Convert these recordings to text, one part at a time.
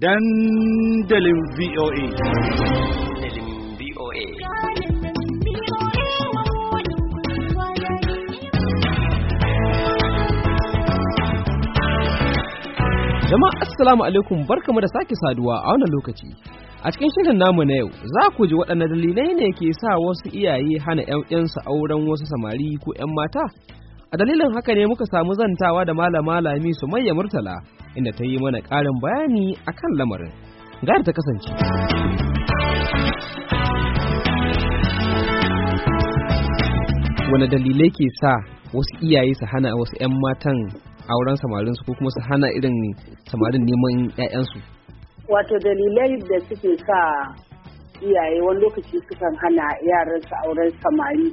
dandalin VOA. Dandalin Jama'a Assalamu alaikum barkamu da sake saduwa a wannan lokaci. A cikin shirin namu na yau za ku ji waɗanne dalilai ne ke sa wasu iyaye hana 'yan'yansu auren wasu samari ko 'yan mata? A dalilin haka ne muka samu zantawa da malama Lami Sumayya Murtala inda ta yi mana ƙarin bayani a kan lamarin. Gari ta kasance. Wane dalilai ke sa wasu iyaye su hana wasu 'yan matan auren samarin ko kuma su hana irin samarin neman 'ya'yansu? Wato dalilai da suke sa iyaye wani lokaci sukan hana yaran su auren samari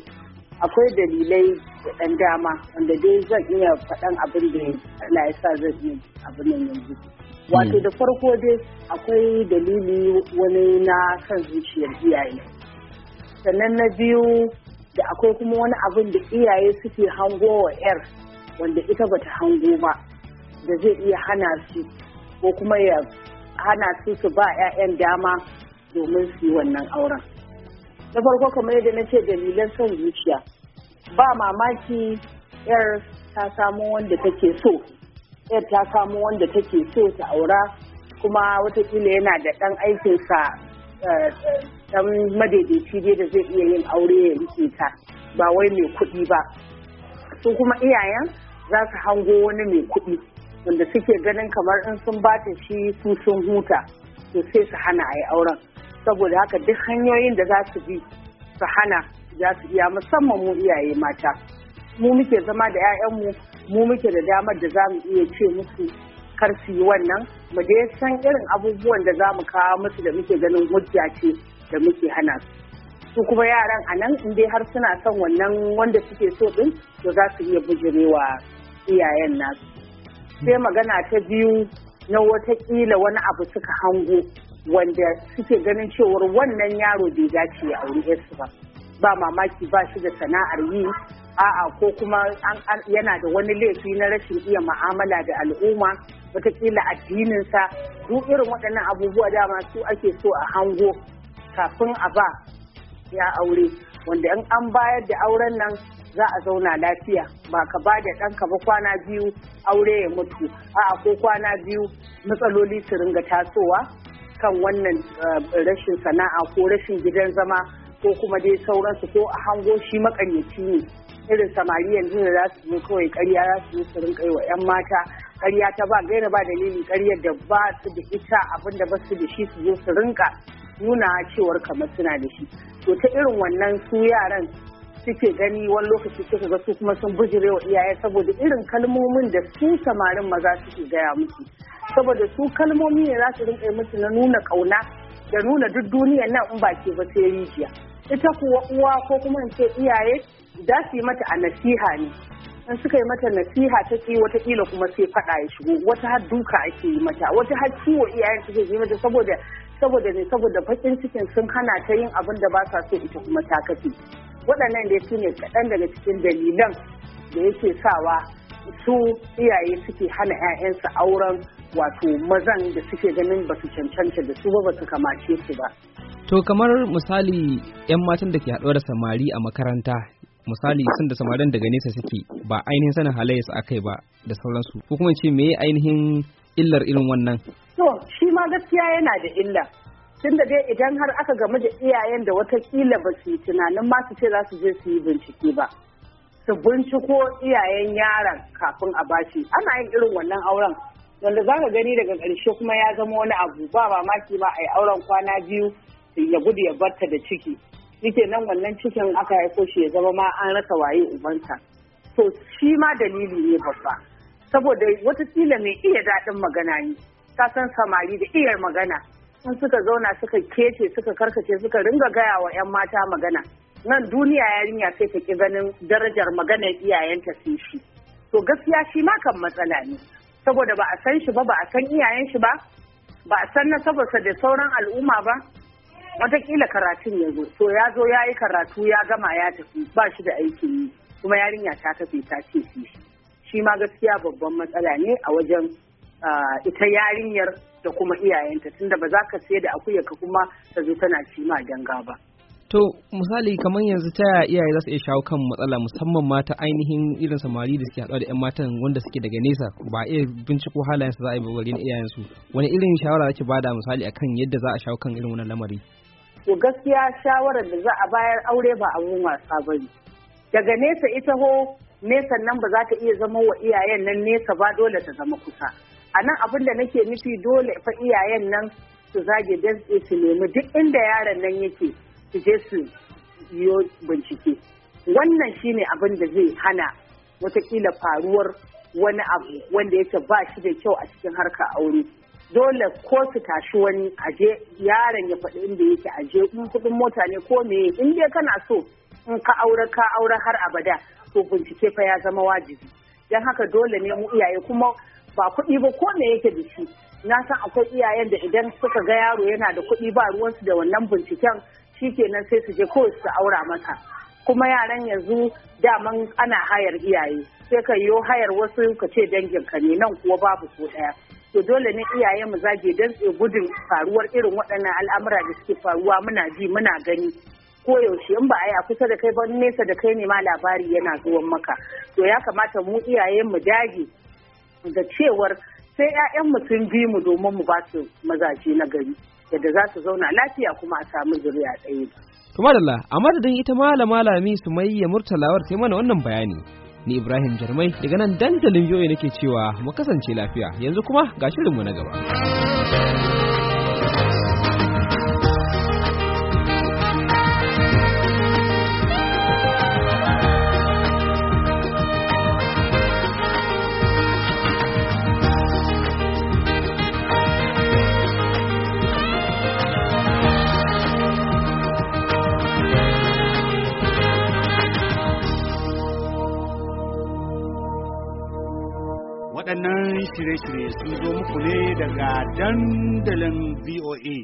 akwai dalilai da dama wanda dai zan iya faɗan abin da ya sa zan yi abin nan yanzu wato hmm. da farko dai akwai dalili wani na kan zuciyar iyaye sannan na biyu da akwai kuma wani abin da iyaye suke hango wa 'yar wanda ita bata hango ba da zai iya hana su ko kuma ya hana su su ba 'ya'yan dama domin su yi wannan auren. na farko kamar yadda na ce dalilan son zuciya ba mamaki yar ta samo wanda take so yar ta samo wanda take so ta aura kuma watakila yana da ɗan aikinsa eh, eh, ɗan madaidaici dai da zai iya yin aure ya rike ta ba wai mai kuɗi ba su kuma iyayen za su hango wani mai kuɗi wanda suke ganin kamar in sun bata shi su sun huta to sai su hana a yi auren saboda haka duk hanyoyin da za su bi su hana za su iya musamman mu iyaye mata mu muke zama da 'ya'yanmu mu muke da damar da za mu iya ce musu kar su yi wannan mu dai san irin abubuwan da za mu kawo musu da muke ganin hujja ce da muke hana su su kuma yaran a nan in dai har suna son wannan wanda suke so din to za su iya bujirewa iyayen nasu sai magana ta biyu na watakila wani abu suka hango wanda suke ganin cewar wannan yaro bai dace ya auri su ba ba mamaki ba shi da sana'ar yi a'a ko kuma yana da wani laifi na rashin iya ma'amala da al'umma watakila addininsa duk irin waɗannan abubuwa dama su ake so a hango kafin a ba ya aure wanda in an bayar da auren nan za a zauna lafiya ba ka ba da ɗanka ba kwana biyu aure ya mutu a'a ko kwana biyu matsaloli su ringa tasowa kan wannan eh, rashin sana'a ko rashin gidan zama ko kuma dai sauransu ko a hango shi makaryaci ne irin samari yanzu da za su yi kawai karya za su yi su rinka wa 'yan mata karya ta ba gaira ba dalili karyar da ba su da ita abinda da ba su da shi su zo su rinka nuna cewar kamar suna da shi to ta irin wannan su yaran suke gani wani lokaci suka ga su kuma sun bujire wa iyaye saboda irin kalmomin da su samarin maza suke gaya musu saboda su kalmomi ne za su rinƙa musu na nuna ƙauna da nuna duk duniya nan in ba ke ba sai rijiya ita kuwa uwa ko kuma in ce iyaye za su yi mata a nasiha ne in suka yi mata nasiha ta ki watakila kuma sai faɗa ya shigo wata har duka ake yi mata wata har ciwo iyayen suke yi mata saboda saboda ne saboda bakin cikin sun hana ta yin abin da ba sa so ita kuma ta kafe waɗannan dai su ne kaɗan daga cikin dalilan da yake sawa su iyaye suke hana 'ya'yansu auren wato mazan da suke ganin ba su cancanta da su ba ba su kamace su ba. To kamar misali 'yan matan da ke haɗuwa da samari a makaranta misali sun da samarin daga nesa suke ba ainihin sanin halayyarsu a kai ba da sauransu ko kuma ce me ainihin illar irin wannan. To shi ma gaskiya yana da illa tun da dai idan har aka gamu da iyayen da watakila ba su yi tunanin ma su ce za su je su yi bincike ba su binciko iyayen yaron kafin a bashi ana yin irin wannan auren wanda za ka gani daga ƙarshe kuma ya zama wani abu ba mamaki ma a yi auren kwana biyu ya gudu ya barta da ciki yake nan wannan cikin aka haifo shi ya zama ma an rasa waye ubanta to shi ma dalili ne babba saboda watakila mai iya daɗin magana ne ka san samari da iyar magana in suka zauna suka kece suka karkace suka ringa gaya wa 'yan mata magana nan duniya yarinya sai ta ki ganin darajar maganar iyayenta sai shi to gaskiya shi ma kan matsala ne saboda ba a san shi ba ba a san iyayen shi ba ba a san na nasabarsa da sauran al'umma ba watakila karatun ya zo to ya zo ya yi karatu ya gama ya tafi ba shi da aikin yi kuma yarinya ta kafe ta ce shi shi ma gaskiya babban matsala ne a wajen ah, ita yarinyar da kuma iyayenta tunda ba za ka sayar da akuya ka kuma ta zo tana ci ma ganga ba to misali kamar yanzu ta yaya iyaye za su iya shawo kan matsala musamman mata ainihin irin samari da suke haɗuwa da yan matan wanda suke daga nesa ba iya binciko halayen su za a yi babbar yin iyayen su wani irin shawara zaki bada misali akan yadda za a shawo kan irin wannan lamari to gaskiya shawarar da za a bayar aure ba abun wasa ne daga nesa ita ho nesa nan ba za ta iya zama wa iyayen nan nesa ba dole ta zama kusa a nan abin da nake nufi dole fa iyayen nan su zage dantse su nemi duk inda yaron nan yake su je su yi bincike wannan shine abin da zai hana watakila faruwar wani abu wanda yake ba shi da kyau a cikin harka aure dole ko su tashi wani aje yaron ya faɗi inda yake aje in kuɗin mota ne ko me in dai kana so in ka aure ka aure har abada to bincike fa ya zama wajibi don haka dole ne mu iyaye kuma ba kuɗi ba ko me yake da shi na san akwai iyayen da idan suka ga yaro yana da kuɗi ba ruwansu da wannan binciken shikenan sai su je ko su aura maka kuma yaran yanzu daman ana hayar iyaye sai ka yi hayar wasu ka ce dangin ka ne nan kuwa babu ko ɗaya to dole ne iyaye mu zage don gudun faruwar irin waɗannan al'amura da suke faruwa muna ji muna gani Ko yaushe in ba a yi a kusa da kai ba nesa da kai ne ma labari yana zuwan maka to ya kamata mu iyaye mu dage da cewar sai ya'yan sun bi mu domin mu ba su mazaje na gari yadda za su zauna lafiya kuma a samu zuriya ɗaya Kuma da a madadin ita malama lami su mai ya murtalawar sai mana wannan bayani. Ni Ibrahim Jarmai daga nan dandalin yoyi nake cewa mu kasance lafiya yanzu kuma ga shirinmu na gaba. shirye-shirye sun zo muku ne daga dandalin VOA.